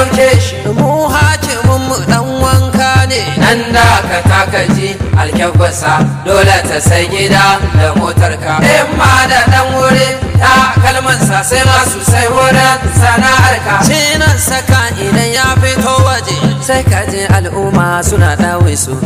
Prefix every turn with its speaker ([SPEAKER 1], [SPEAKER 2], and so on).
[SPEAKER 1] ɗauke shi mu hakimin mu ɗan wanka ne nan da ka taka ji alkyabbasa dole ta sai gida da motarka in ma da dan wuri ta kalmansa sai masu sai wurin ka cinan
[SPEAKER 2] saka idan ya fito waje sai ka je al'umma suna dawo su